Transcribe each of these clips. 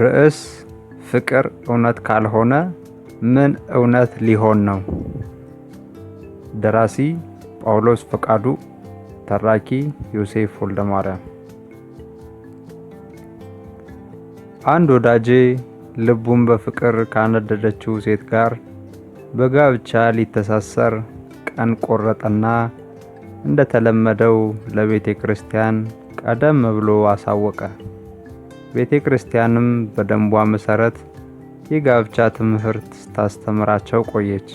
ርዕስ ፍቅር እውነት ካልሆነ ምን እውነት ሊሆን ነው? ደራሲ ጳውሎስ ፈቃዱ፣ ተራኪ ዮሴፍ ወልደማርያም። አንድ ወዳጄ ልቡን በፍቅር ካነደደችው ሴት ጋር በጋብቻ ሊተሳሰር ቀን ቆረጠና እንደተለመደው ለቤተ ክርስቲያን ቀደም ብሎ አሳወቀ። ቤተ ክርስቲያንም በደንቧ መሠረት የጋብቻ ትምህርት ስታስተምራቸው ቆየች።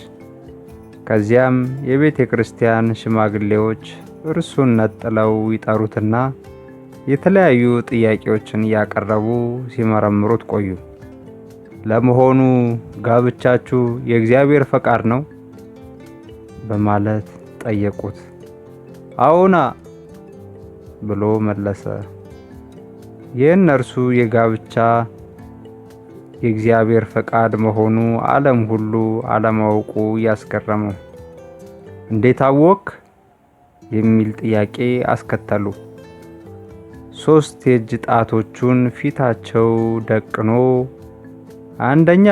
ከዚያም የቤተ ክርስቲያን ሽማግሌዎች እርሱን ነጥለው ይጠሩትና የተለያዩ ጥያቄዎችን እያቀረቡ ሲመረምሩት ቆዩ። ለመሆኑ ጋብቻችሁ የእግዚአብሔር ፈቃድ ነው? በማለት ጠየቁት። አዎና ብሎ መለሰ። የእነርሱ የጋብቻ የእግዚአብሔር ፈቃድ መሆኑ ዓለም ሁሉ አለማወቁ ያስገረመው። እንዴት አወክ የሚል ጥያቄ አስከተሉ። ሦስት የእጅ ጣቶቹን ፊታቸው ደቅኖ አንደኛ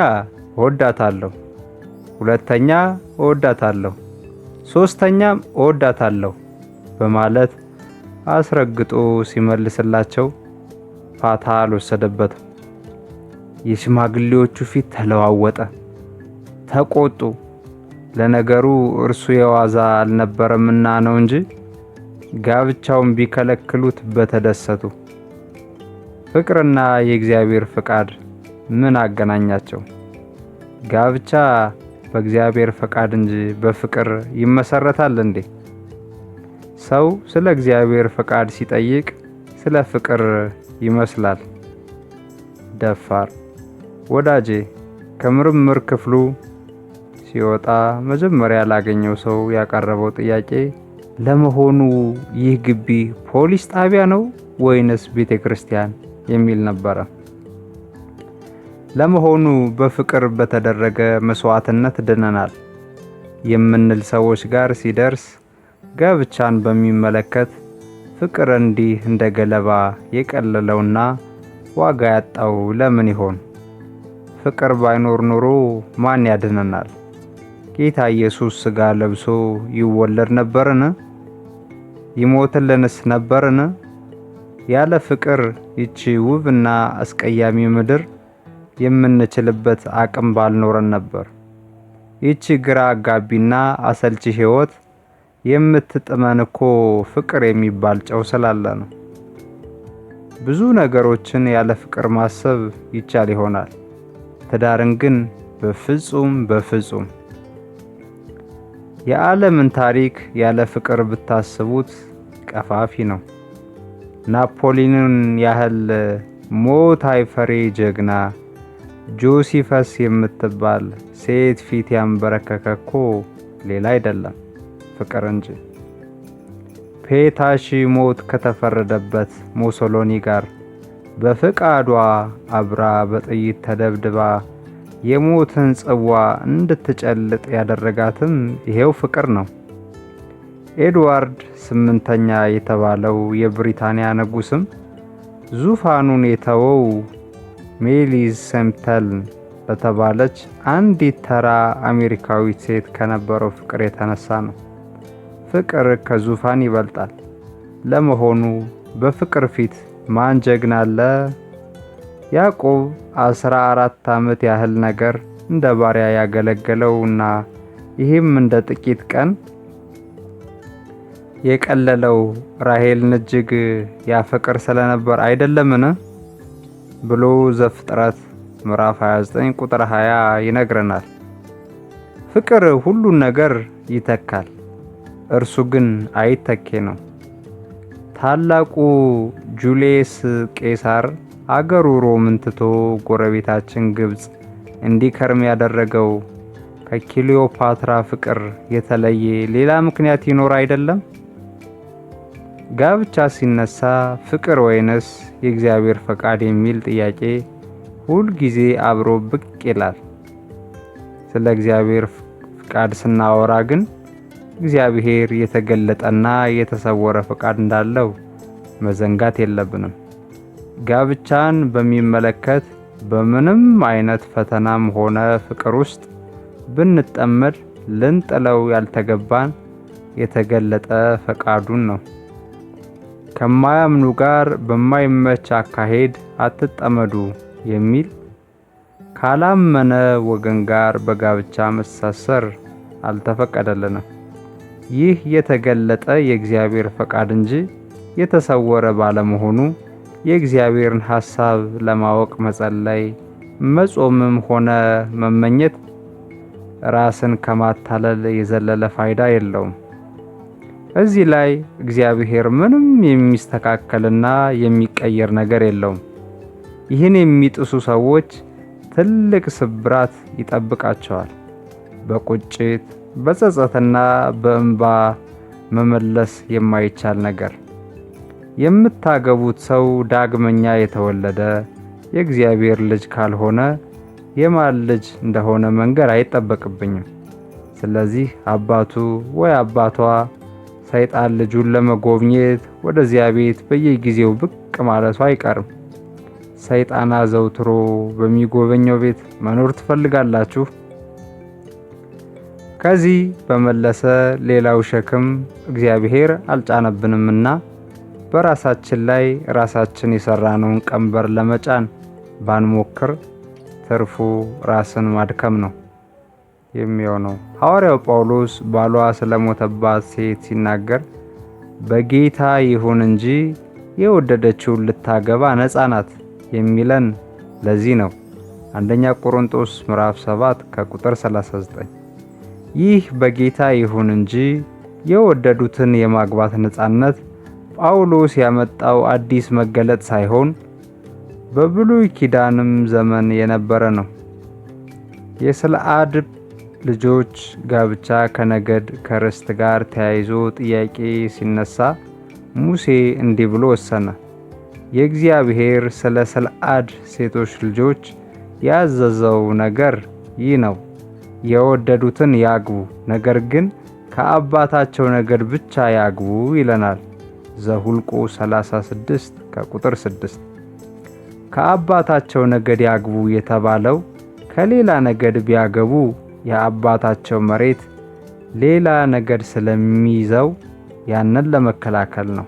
እወዳታለሁ፣ ሁለተኛ እወዳታለሁ፣ ሦስተኛም እወዳታለሁ በማለት አስረግጦ ሲመልስላቸው ፋታ አልወሰደበትም። የሽማግሌዎቹ ፊት ተለዋወጠ፣ ተቆጡ። ለነገሩ እርሱ የዋዛ አልነበረምና ነው እንጂ ጋብቻውን ቢከለክሉት በተደሰቱ። ፍቅርና የእግዚአብሔር ፈቃድ ምን አገናኛቸው? ጋብቻ በእግዚአብሔር ፈቃድ እንጂ በፍቅር ይመሰረታል እንዴ? ሰው ስለ እግዚአብሔር ፈቃድ ሲጠይቅ ስለ ፍቅር ይመስላል። ደፋር ወዳጄ ከምርምር ክፍሉ ሲወጣ መጀመሪያ ላገኘው ሰው ያቀረበው ጥያቄ ለመሆኑ ይህ ግቢ ፖሊስ ጣቢያ ነው ወይንስ ቤተ ክርስቲያን የሚል ነበረ። ለመሆኑ በፍቅር በተደረገ መስዋዕትነት ድነናል የምንል ሰዎች ጋር ሲደርስ ጋብቻን በሚመለከት ፍቅር እንዲህ እንደ ገለባ የቀለለውና ዋጋ ያጣው ለምን ይሆን? ፍቅር ባይኖር ኖሮ ማን ያድነናል? ጌታ ኢየሱስ ሥጋ ለብሶ ይወለድ ነበርን? ይሞትልንስ ነበርን? ያለ ፍቅር ይቺ ውብና አስቀያሚ ምድር የምንችልበት አቅም ባልኖረን ነበር። ይቺ ግራ አጋቢና አሰልቺ ሕይወት የምትጥመን እኮ ፍቅር የሚባል ጨው ስላለ ነው። ብዙ ነገሮችን ያለ ፍቅር ማሰብ ይቻል ይሆናል። ትዳርን ግን በፍጹም በፍጹም። የዓለምን ታሪክ ያለ ፍቅር ብታስቡት ቀፋፊ ነው። ናፖሊንን ያህል ሞት አይፈሬ ጀግና፣ ጆሲፈስ የምትባል ሴት ፊት ያንበረከከ እኮ ሌላ አይደለም። ፍቅር እንጂ። ፔታሺ ሞት ከተፈረደበት ሞሶሎኒ ጋር በፍቃዷ አብራ በጥይት ተደብድባ የሞትን ጽዋ እንድትጨልጥ ያደረጋትም ይሄው ፍቅር ነው። ኤድዋርድ ስምንተኛ የተባለው የብሪታንያ ንጉስም ዙፋኑን የተወው ሜሊዝ ሴምፕተል በተባለች አንዲት ተራ አሜሪካዊት ሴት ከነበረው ፍቅር የተነሳ ነው። ፍቅር ከዙፋን ይበልጣል። ለመሆኑ በፍቅር ፊት ማን ጀግና አለ? ያዕቆብ አስራ አራት ዓመት ያህል ነገር እንደ ባሪያ ያገለገለውና ይህም እንደ ጥቂት ቀን የቀለለው ራሔልን እጅግ ያፈቅር ስለነበር አይደለምን? ብሎ ዘፍጥረት ምዕራፍ 29 ቁጥር 20 ይነግረናል። ፍቅር ሁሉን ነገር ይተካል። እርሱ ግን አይተኬ ነው። ታላቁ ጁልየስ ቄሳር አገሩ ሮምን ትቶ ጎረቤታችን ግብፅ እንዲከርም ያደረገው ከክሊዮፓትራ ፍቅር የተለየ ሌላ ምክንያት ይኖር አይደለም። ጋብቻ ሲነሳ ፍቅር ወይንስ የእግዚአብሔር ፈቃድ የሚል ጥያቄ ጊዜ አብሮ ብቅ ይላል። ስለ እግዚአብሔር ፍቃድ ስናወራ ግን እግዚአብሔር የተገለጠና የተሰወረ ፈቃድ እንዳለው መዘንጋት የለብንም። ጋብቻን በሚመለከት በምንም አይነት ፈተናም ሆነ ፍቅር ውስጥ ብንጠመድ ልንጥለው ያልተገባን የተገለጠ ፈቃዱን ነው። ከማያምኑ ጋር በማይመች አካሄድ አትጠመዱ የሚል ካላመነ ወገን ጋር በጋብቻ መሳሰር አልተፈቀደልንም። ይህ የተገለጠ የእግዚአብሔር ፈቃድ እንጂ የተሰወረ ባለመሆኑ የእግዚአብሔርን ሐሳብ ለማወቅ መጸለይ፣ መጾምም ሆነ መመኘት ራስን ከማታለል የዘለለ ፋይዳ የለውም። እዚህ ላይ እግዚአብሔር ምንም የሚስተካከልና የሚቀየር ነገር የለውም። ይህን የሚጥሱ ሰዎች ትልቅ ስብራት ይጠብቃቸዋል በቁጭት በጸጸትና በእንባ መመለስ የማይቻል ነገር። የምታገቡት ሰው ዳግመኛ የተወለደ የእግዚአብሔር ልጅ ካልሆነ የማን ልጅ እንደሆነ መንገር አይጠበቅብኝም። ስለዚህ አባቱ ወይ አባቷ ሰይጣን ልጁን ለመጎብኘት ወደዚያ ቤት በየጊዜው ብቅ ማለቱ አይቀርም። ሰይጣን አዘውትሮ በሚጎበኘው ቤት መኖር ትፈልጋላችሁ? ከዚህ በመለሰ ሌላው ሸክም እግዚአብሔር አልጫነብንምና በራሳችን ላይ ራሳችን የሰራነውን ቀንበር ለመጫን ባንሞክር ትርፉ ራስን ማድከም ነው የሚሆነው። ሐዋርያው ጳውሎስ ባሏ ስለሞተባት ሴት ሲናገር በጌታ ይሁን እንጂ የወደደችውን ልታገባ ነፃ ናት የሚለን ለዚህ ነው። አንደኛ ቆሮንጦስ ምዕራፍ 7 ከቁጥር 39 ይህ በጌታ ይሁን እንጂ የወደዱትን የማግባት ነፃነት ጳውሎስ ያመጣው አዲስ መገለጥ ሳይሆን በብሉይ ኪዳንም ዘመን የነበረ ነው። የስልአድ ልጆች ጋብቻ ከነገድ ከርስት ጋር ተያይዞ ጥያቄ ሲነሳ ሙሴ እንዲህ ብሎ ወሰነ። የእግዚአብሔር ስለ ስልአድ ሴቶች ልጆች ያዘዘው ነገር ይህ ነው። የወደዱትን ያግቡ፣ ነገር ግን ከአባታቸው ነገድ ብቻ ያግቡ ይለናል ዘሁልቁ 36 ከቁጥር 6። ከአባታቸው ነገድ ያግቡ የተባለው ከሌላ ነገድ ቢያገቡ የአባታቸው መሬት ሌላ ነገድ ስለሚይዘው ያንን ለመከላከል ነው።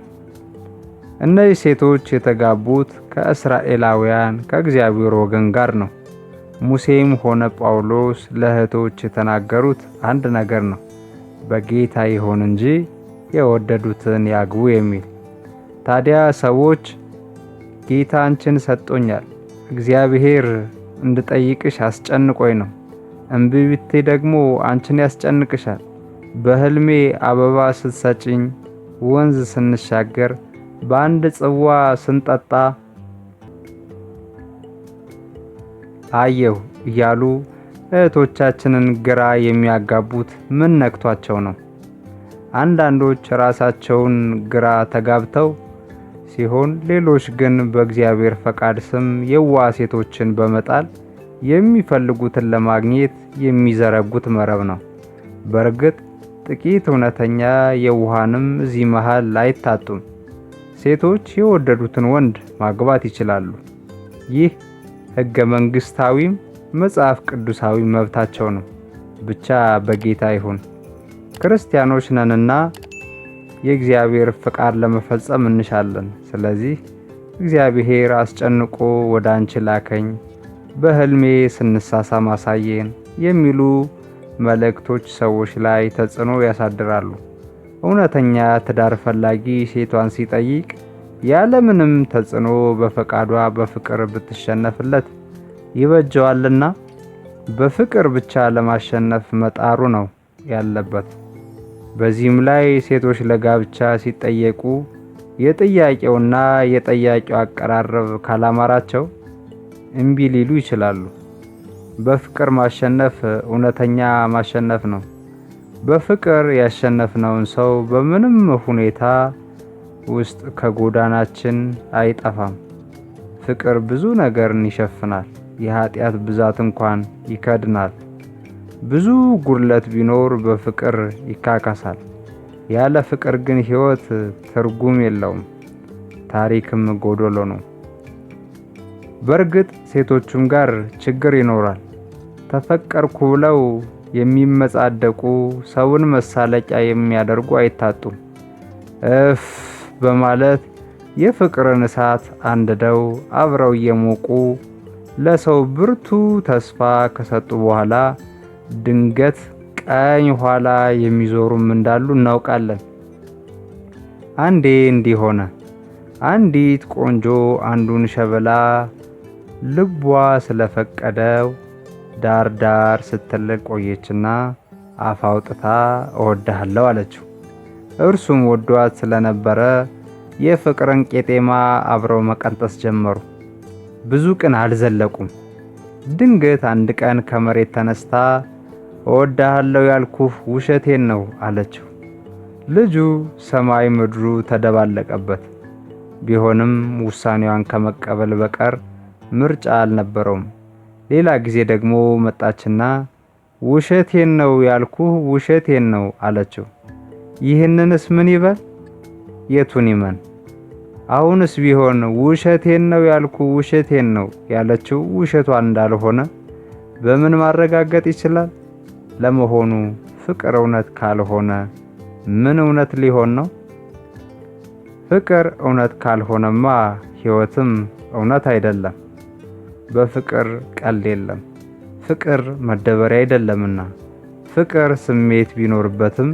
እነዚህ ሴቶች የተጋቡት ከእስራኤላውያን ከእግዚአብሔር ወገን ጋር ነው። ሙሴም ሆነ ጳውሎስ ለእህቶች የተናገሩት አንድ ነገር ነው፣ በጌታ ይሆን እንጂ የወደዱትን ያግቡ የሚል። ታዲያ ሰዎች ጌታ አንቺን ሰጥቶኛል፣ እግዚአብሔር እንድጠይቅሽ አስጨንቆኝ ነው፣ እምቢ ደግሞ አንቺን ያስጨንቅሻል፣ በህልሜ አበባ ስትሰጭኝ፣ ወንዝ ስንሻገር፣ በአንድ ጽዋ ስንጠጣ አየሁ እያሉ እህቶቻችንን ግራ የሚያጋቡት ምን ነክቷቸው ነው? አንዳንዶች ራሳቸውን ግራ ተጋብተው ሲሆን፣ ሌሎች ግን በእግዚአብሔር ፈቃድ ስም የዋ ሴቶችን በመጣል የሚፈልጉትን ለማግኘት የሚዘረጉት መረብ ነው። በእርግጥ ጥቂት እውነተኛ የውሃንም እዚህ መሃል አይታጡም። ሴቶች የወደዱትን ወንድ ማግባት ይችላሉ። ይህ ህገ መንግስታዊም መጽሐፍ ቅዱሳዊ መብታቸው ነው። ብቻ በጌታ ይሁን። ክርስቲያኖች ነንና የእግዚአብሔር ፍቃድ ለመፈጸም እንሻለን። ስለዚህ እግዚአብሔር አስጨንቆ ወደ አንቺ ላከኝ፣ በህልሜ ስንሳሳ ማሳየን የሚሉ መልእክቶች ሰዎች ላይ ተጽዕኖ ያሳድራሉ። እውነተኛ ትዳር ፈላጊ ሴቷን ሲጠይቅ ያለምንም ተጽዕኖ በፈቃዷ በፍቅር ብትሸነፍለት ይበጀዋልና በፍቅር ብቻ ለማሸነፍ መጣሩ ነው ያለበት። በዚህም ላይ ሴቶች ለጋብቻ ሲጠየቁ የጥያቄውና የጠያቂው አቀራረብ ካላማራቸው እምቢ ሊሉ ይችላሉ። በፍቅር ማሸነፍ እውነተኛ ማሸነፍ ነው። በፍቅር ያሸነፍነውን ሰው በምንም ሁኔታ ውስጥ ከጎዳናችን አይጠፋም። ፍቅር ብዙ ነገርን ይሸፍናል፣ የኃጢአት ብዛት እንኳን ይከድናል። ብዙ ጉድለት ቢኖር በፍቅር ይካካሳል። ያለ ፍቅር ግን ሕይወት ትርጉም የለውም፣ ታሪክም ጎዶሎ ነው። በእርግጥ ሴቶቹም ጋር ችግር ይኖራል። ተፈቀርኩ ብለው የሚመጻደቁ ሰውን መሳለቂያ የሚያደርጉ አይታጡም። እፍ በማለት የፍቅርን እሳት አንድደው አብረው እየሞቁ ለሰው ብርቱ ተስፋ ከሰጡ በኋላ ድንገት ቀኝ ኋላ የሚዞሩም እንዳሉ እናውቃለን። አንዴ እንዲህ ሆነ። አንዲት ቆንጆ አንዱን ሸበላ ልቧ ስለፈቀደው ዳር ዳር ስትል ቆየችና አፋውጥታ አውጥታ እወድሃለሁ አለችው። እርሱም ወዷት ስለነበረ የፍቅርን ቄጤማ አብረው መቀንጠስ ጀመሩ። ብዙ ቀን አልዘለቁም። ድንገት አንድ ቀን ከመሬት ተነስታ እወዳሃለሁ ያልኩህ ውሸቴን ነው አለችው። ልጁ ሰማይ ምድሩ ተደባለቀበት። ቢሆንም ውሳኔዋን ከመቀበል በቀር ምርጫ አልነበረውም። ሌላ ጊዜ ደግሞ መጣችና ውሸቴን ነው ያልኩህ ውሸቴን ነው አለችው። ይህንንስ ምን ይበል? የቱን ይመን? አሁንስ ቢሆን ውሸቴን ነው ያልኩ ውሸቴን ነው ያለችው ውሸቷን እንዳልሆነ በምን ማረጋገጥ ይችላል? ለመሆኑ ፍቅር እውነት ካልሆነ ምን እውነት ሊሆን ነው? ፍቅር እውነት ካልሆነማ ሕይወትም እውነት አይደለም። በፍቅር ቀል የለም። ፍቅር መደበሪያ አይደለምና ፍቅር ስሜት ቢኖርበትም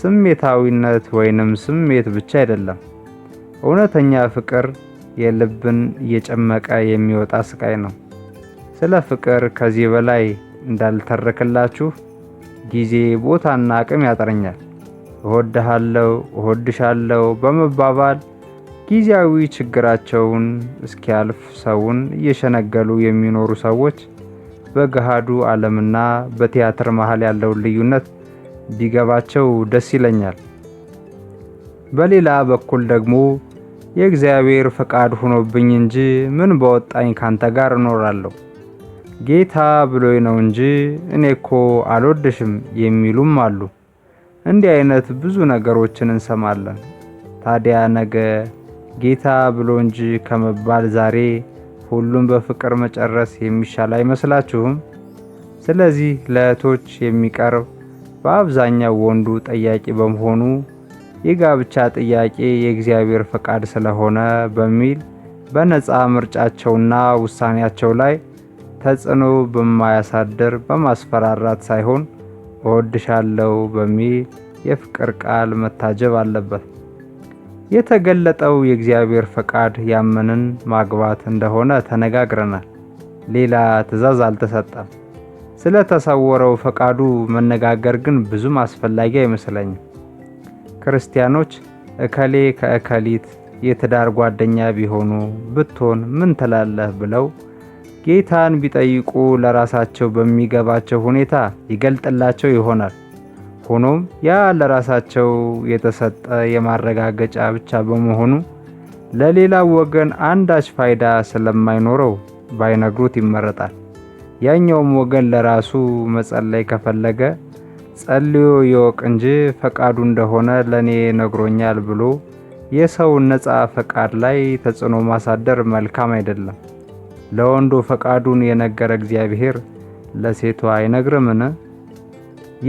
ስሜታዊነት ወይንም ስሜት ብቻ አይደለም። እውነተኛ ፍቅር የልብን እየጨመቀ የሚወጣ ስቃይ ነው። ስለ ፍቅር ከዚህ በላይ እንዳልተረክላችሁ ጊዜ ቦታና አቅም ያጠረኛል። እወድሃለሁ፣ እወድሻለሁ በመባባል ጊዜያዊ ችግራቸውን እስኪያልፍ ሰውን እየሸነገሉ የሚኖሩ ሰዎች በገሃዱ ዓለምና በቲያትር መሃል ያለውን ልዩነት ቢገባቸው ደስ ይለኛል። በሌላ በኩል ደግሞ የእግዚአብሔር ፈቃድ ሆኖብኝ እንጂ ምን በወጣኝ ካንተ ጋር እኖራለሁ ጌታ ብሎኝ ነው እንጂ እኔ እኮ አልወድሽም የሚሉም አሉ። እንዲህ አይነት ብዙ ነገሮችን እንሰማለን። ታዲያ ነገ ጌታ ብሎ እንጂ ከመባል ዛሬ ሁሉም በፍቅር መጨረስ የሚሻል አይመስላችሁም? ስለዚህ ለእህቶች የሚቀርብ በአብዛኛው ወንዱ ጠያቂ በመሆኑ የጋብቻ ጥያቄ የእግዚአብሔር ፈቃድ ስለሆነ በሚል በነፃ ምርጫቸውና ውሳኔያቸው ላይ ተጽዕኖ በማያሳድር በማስፈራራት ሳይሆን እወድሻለሁ በሚል የፍቅር ቃል መታጀብ አለበት። የተገለጠው የእግዚአብሔር ፈቃድ ያመንን ማግባት እንደሆነ ተነጋግረናል። ሌላ ትዕዛዝ አልተሰጠም። ስለ ተሰወረው ፈቃዱ መነጋገር ግን ብዙም አስፈላጊ አይመስለኝም። ክርስቲያኖች እከሌ ከእከሊት የትዳር ጓደኛ ቢሆኑ ብትሆን ምን ትላለህ ብለው ጌታን ቢጠይቁ ለራሳቸው በሚገባቸው ሁኔታ ይገልጥላቸው ይሆናል። ሆኖም ያ ለራሳቸው የተሰጠ የማረጋገጫ ብቻ በመሆኑ ለሌላው ወገን አንዳች ፋይዳ ስለማይኖረው ባይነግሩት ይመረጣል። ያኛውም ወገን ለራሱ መጸለይ ከፈለገ ጸልዮ ይወቅ እንጂ ፈቃዱ እንደሆነ ለእኔ ነግሮኛል ብሎ የሰው ነፃ ፈቃድ ላይ ተጽዕኖ ማሳደር መልካም አይደለም። ለወንዱ ፈቃዱን የነገረ እግዚአብሔር ለሴቷ አይነግርምን?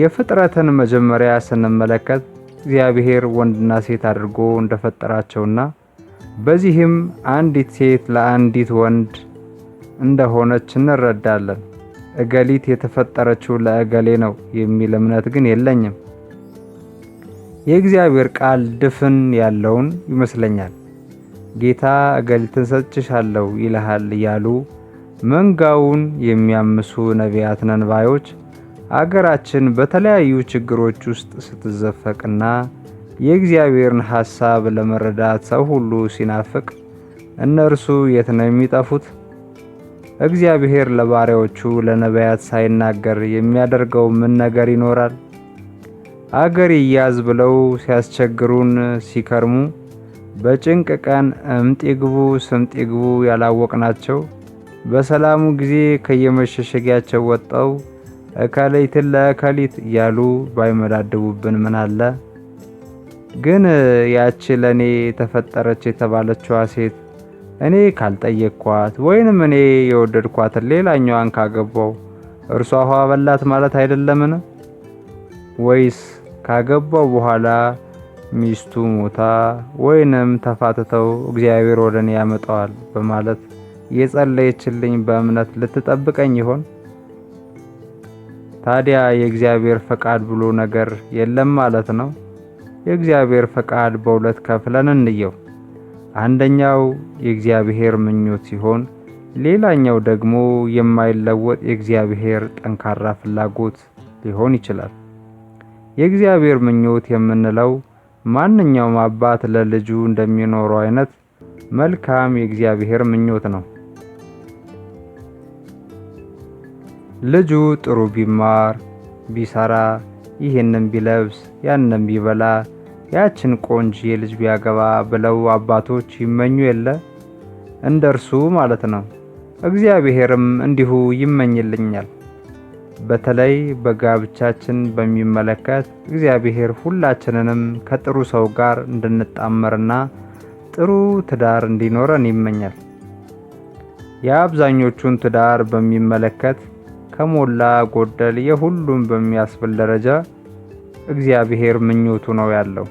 የፍጥረትን መጀመሪያ ስንመለከት እግዚአብሔር ወንድና ሴት አድርጎ እንደፈጠራቸውና በዚህም አንዲት ሴት ለአንዲት ወንድ እንደሆነች እንረዳለን። እገሊት የተፈጠረችው ለእገሌ ነው የሚል እምነት ግን የለኝም። የእግዚአብሔር ቃል ድፍን ያለውን ይመስለኛል። ጌታ እገሊትን ሰጭሻለሁ ይልሃል እያሉ መንጋውን የሚያምሱ ነቢያት ነንባዮች አገራችን በተለያዩ ችግሮች ውስጥ ስትዘፈቅና የእግዚአብሔርን ሐሳብ ለመረዳት ሰው ሁሉ ሲናፍቅ እነርሱ የት ነው የሚጠፉት? እግዚአብሔር ለባሪያዎቹ ለነቢያት ሳይናገር የሚያደርገው ምን ነገር ይኖራል? አገር ይያዝ ብለው ሲያስቸግሩን ሲከርሙ በጭንቅ ቀን እምጥ ይግቡ ስምጥ ይግቡ ያላወቅናቸው በሰላሙ ጊዜ ከየመሸሸጊያቸው ወጠው እከሌይትን ለእከሊት እያሉ ባይመዳድቡብን ምን አለ? ግን ያቺ ለእኔ ተፈጠረች የተባለችዋ ሴት እኔ ካልጠየቅኳት ወይንም እኔ የወደድኳትን ሌላኛዋን ካገባው እርሷ ውሃ በላት ማለት አይደለምን? ወይስ ካገባው በኋላ ሚስቱ ሞታ ወይንም ተፋትተው እግዚአብሔር ወደ እኔ ያመጣዋል በማለት የጸለየችልኝ በእምነት ልትጠብቀኝ ይሆን? ታዲያ የእግዚአብሔር ፈቃድ ብሎ ነገር የለም ማለት ነው። የእግዚአብሔር ፈቃድ በሁለት ከፍለን እንየው። አንደኛው የእግዚአብሔር ምኞት ሲሆን ሌላኛው ደግሞ የማይለወጥ የእግዚአብሔር ጠንካራ ፍላጎት ሊሆን ይችላል። የእግዚአብሔር ምኞት የምንለው ማንኛውም አባት ለልጁ እንደሚኖረው አይነት መልካም የእግዚአብሔር ምኞት ነው። ልጁ ጥሩ ቢማር ቢሰራ፣ ይህንም ቢለብስ፣ ያንም ቢበላ ያችን ቆንጅዬ ልጅ ቢያገባ ብለው አባቶች ይመኙ የለ እንደ እርሱ ማለት ነው። እግዚአብሔርም እንዲሁ ይመኝልኛል። በተለይ በጋብቻችን በሚመለከት እግዚአብሔር ሁላችንንም ከጥሩ ሰው ጋር እንድንጣመርና ጥሩ ትዳር እንዲኖረን ይመኛል። የአብዛኞቹን ትዳር በሚመለከት ከሞላ ጎደል የሁሉም በሚያስብል ደረጃ እግዚአብሔር ምኞቱ ነው ያለው።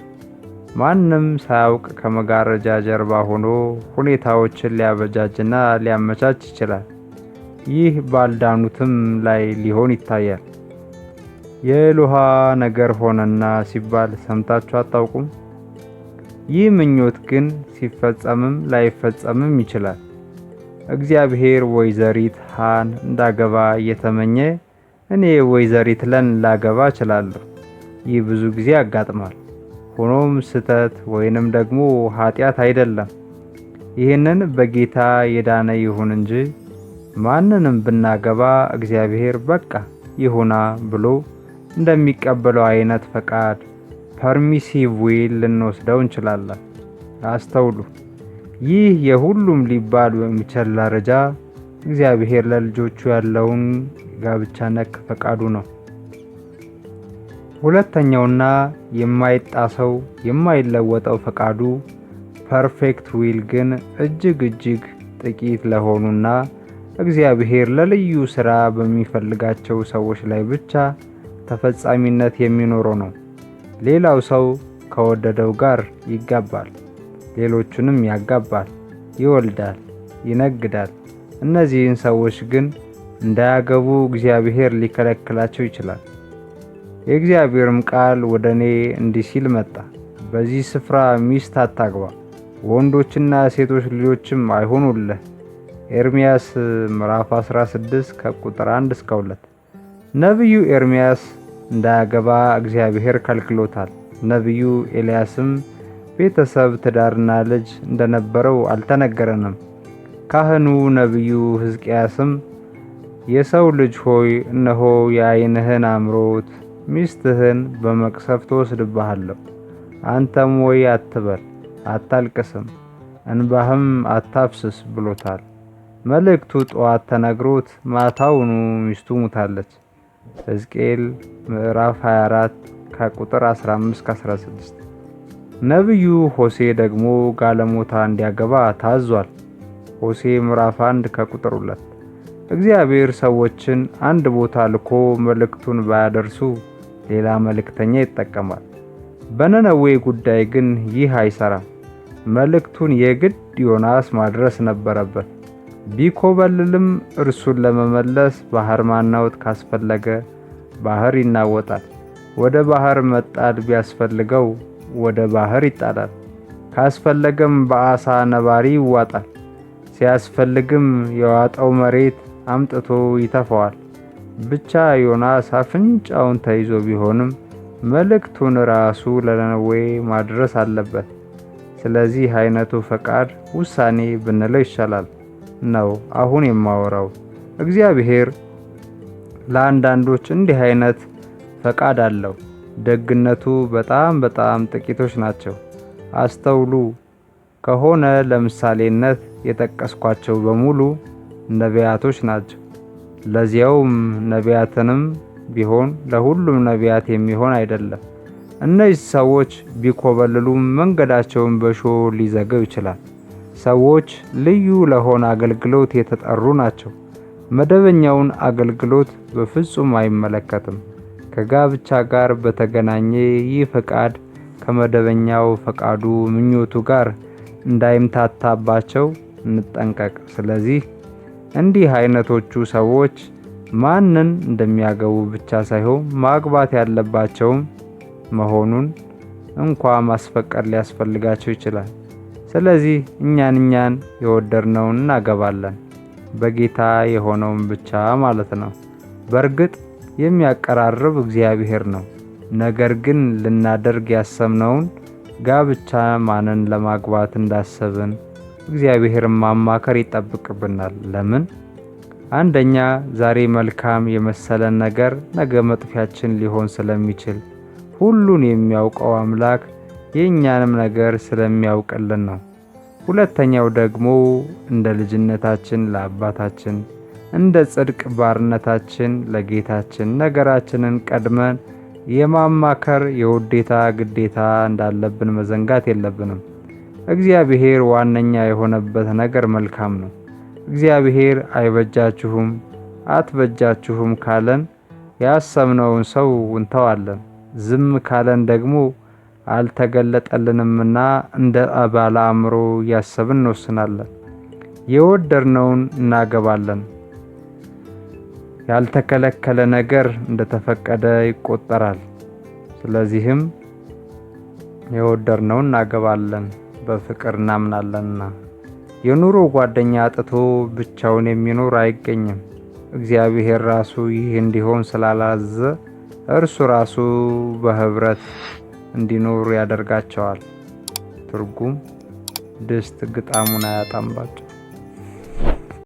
ማንም ሳያውቅ ከመጋረጃ ጀርባ ሆኖ ሁኔታዎችን ሊያበጃጅና ሊያመቻች ይችላል። ይህ ባልዳኑትም ላይ ሊሆን ይታያል። የእልውሃ ነገር ሆነና ሲባል ሰምታችሁ አታውቁም? ይህ ምኞት ግን ሲፈጸምም ላይፈጸምም ይችላል። እግዚአብሔር ወይዘሪት ሃን እንዳገባ እየተመኘ እኔ ወይዘሪት ለን ላገባ እችላለሁ። ይህ ብዙ ጊዜ ያጋጥማል። ሆኖም ስተት ወይንም ደግሞ ኃጢአት አይደለም። ይህንን በጌታ የዳነ ይሁን እንጂ ማንንም ብናገባ እግዚአብሔር በቃ ይሁና ብሎ እንደሚቀበለው አይነት ፈቃድ ፐርሚሲቭ ዊል ልንወስደው እንችላለን። አስተውሉ። ይህ የሁሉም ሊባል በሚችል ደረጃ እግዚአብሔር ለልጆቹ ያለውን ጋብቻ ነክ ፈቃዱ ነው። ሁለተኛውና የማይጣሰው የማይለወጠው ፈቃዱ ፐርፌክት ዊል ግን እጅግ እጅግ ጥቂት ለሆኑና እግዚአብሔር ለልዩ ሥራ በሚፈልጋቸው ሰዎች ላይ ብቻ ተፈጻሚነት የሚኖረው ነው። ሌላው ሰው ከወደደው ጋር ይጋባል፣ ሌሎቹንም ያጋባል፣ ይወልዳል፣ ይነግዳል። እነዚህን ሰዎች ግን እንዳያገቡ እግዚአብሔር ሊከለክላቸው ይችላል። የእግዚአብሔርም ቃል ወደ እኔ እንዲህ ሲል መጣ፣ በዚህ ስፍራ ሚስት አታግባ፣ ወንዶችና ሴቶች ልጆችም አይሆኑልህ። ኤርምያስ ምዕራፍ 16 ከቁጥር 1 እስከ 2። ነቢዩ ኤርምያስ እንዳያገባ እግዚአብሔር ከልክሎታል። ነቢዩ ኤልያስም ቤተሰብ፣ ትዳርና ልጅ እንደነበረው አልተነገረንም። ካህኑ ነቢዩ ሕዝቅያስም የሰው ልጅ ሆይ እነሆ የዓይንህን አምሮት ሚስትህን በመቅሰፍ ትወስድብሃለሁ። አንተም ወይ አትበል አታልቅስም፣ እንባህም አታፍስስ ብሎታል። መልእክቱ ጠዋት ተነግሮት ማታውኑ ሚስቱ ሙታለች። ሕዝቅኤል ምዕራፍ 24 ከቁጥር 15-16። ነቢዩ ሆሴ ደግሞ ጋለሞታ እንዲያገባ ታዟል። ሆሴ ምዕራፍ 1 ከቁጥር 2። እግዚአብሔር ሰዎችን አንድ ቦታ ልኮ መልእክቱን ባያደርሱ ሌላ መልእክተኛ ይጠቀማል። በነነዌ ጉዳይ ግን ይህ አይሰራም። መልእክቱን የግድ ዮናስ ማድረስ ነበረበት። ቢኮበልልም እርሱን ለመመለስ ባህር ማናወጥ ካስፈለገ ባህር ይናወጣል። ወደ ባህር መጣል ቢያስፈልገው ወደ ባህር ይጣላል። ካስፈለገም በአሳ ነባሪ ይዋጣል። ሲያስፈልግም የዋጠው መሬት አምጥቶ ይተፋዋል። ብቻ ዮናስ አፍንጫውን ተይዞ ቢሆንም መልእክቱን ራሱ ለነነዌ ማድረስ አለበት። ስለዚህ አይነቱ ፈቃድ ውሳኔ ብንለው ይሻላል ነው አሁን የማወራው። እግዚአብሔር ለአንዳንዶች እንዲህ አይነት ፈቃድ አለው። ደግነቱ በጣም በጣም ጥቂቶች ናቸው። አስተውሉ ከሆነ ለምሳሌነት የጠቀስኳቸው በሙሉ ነቢያቶች ናቸው። ለዚያውም ነቢያትንም ቢሆን ለሁሉም ነቢያት የሚሆን አይደለም። እነዚህ ሰዎች ቢኮበልሉ መንገዳቸውን በሾ ሊዘገብ ይችላል። ሰዎች ልዩ ለሆነ አገልግሎት የተጠሩ ናቸው። መደበኛውን አገልግሎት በፍጹም አይመለከትም። ከጋብቻ ጋር በተገናኘ ይህ ፈቃድ ከመደበኛው ፈቃዱ ምኞቱ ጋር እንዳይምታታባቸው እንጠንቀቅ። ስለዚህ እንዲህ አይነቶቹ ሰዎች ማንን እንደሚያገቡ ብቻ ሳይሆን ማግባት ያለባቸውም መሆኑን እንኳ ማስፈቀድ ሊያስፈልጋቸው ይችላል። ስለዚህ እኛን እኛን የወደድነውን እናገባለን፣ በጌታ የሆነውን ብቻ ማለት ነው። በእርግጥ የሚያቀራርብ እግዚአብሔር ነው። ነገር ግን ልናደርግ ያሰብነውን ጋብቻ ማንን ለማግባት እንዳሰብን እግዚአብሔርን ማማከር ይጠበቅብናል። ለምን? አንደኛ ዛሬ መልካም የመሰለን ነገር ነገ መጥፊያችን ሊሆን ስለሚችል ሁሉን የሚያውቀው አምላክ የእኛንም ነገር ስለሚያውቅልን ነው። ሁለተኛው ደግሞ እንደ ልጅነታችን ለአባታችን እንደ ጽድቅ ባርነታችን ለጌታችን ነገራችንን ቀድመን የማማከር የውዴታ ግዴታ እንዳለብን መዘንጋት የለብንም። እግዚአብሔር ዋነኛ የሆነበት ነገር መልካም ነው። እግዚአብሔር አይበጃችሁም አትበጃችሁም ካለን ያሰብነውን ሰው እንተዋለን፣ ዝም ካለን ደግሞ አልተገለጠልንምና እንደ ባለ አእምሮ እያሰብን እንወስናለን። የወደድነውን እናገባለን። ያልተከለከለ ነገር እንደተፈቀደ ይቆጠራል። ስለዚህም የወደድነውን እናገባለን። በፍቅር እናምናለንና የኑሮ ጓደኛ አጥቶ ብቻውን የሚኖር አይገኝም። እግዚአብሔር ራሱ ይህ እንዲሆን ስላላዘ እርሱ ራሱ በህብረት እንዲኖሩ ያደርጋቸዋል። ትርጉም ድስት ግጣሙን አያጣምባቸው።